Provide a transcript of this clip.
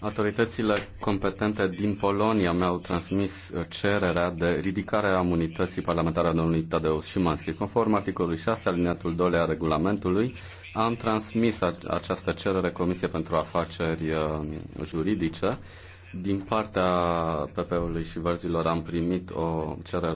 Autoritățile competente din Polonia mi-au transmis uh, cererea de ridicare a imunității parlamentare a domnului Tadeusz Szymanski. Conform articolului 6 alineatul 2 a regulamentului, am transmis această cerere Comisiei pentru Afaceri uh, Juridice. Din partea PP-ului și verzilor am primit o cerere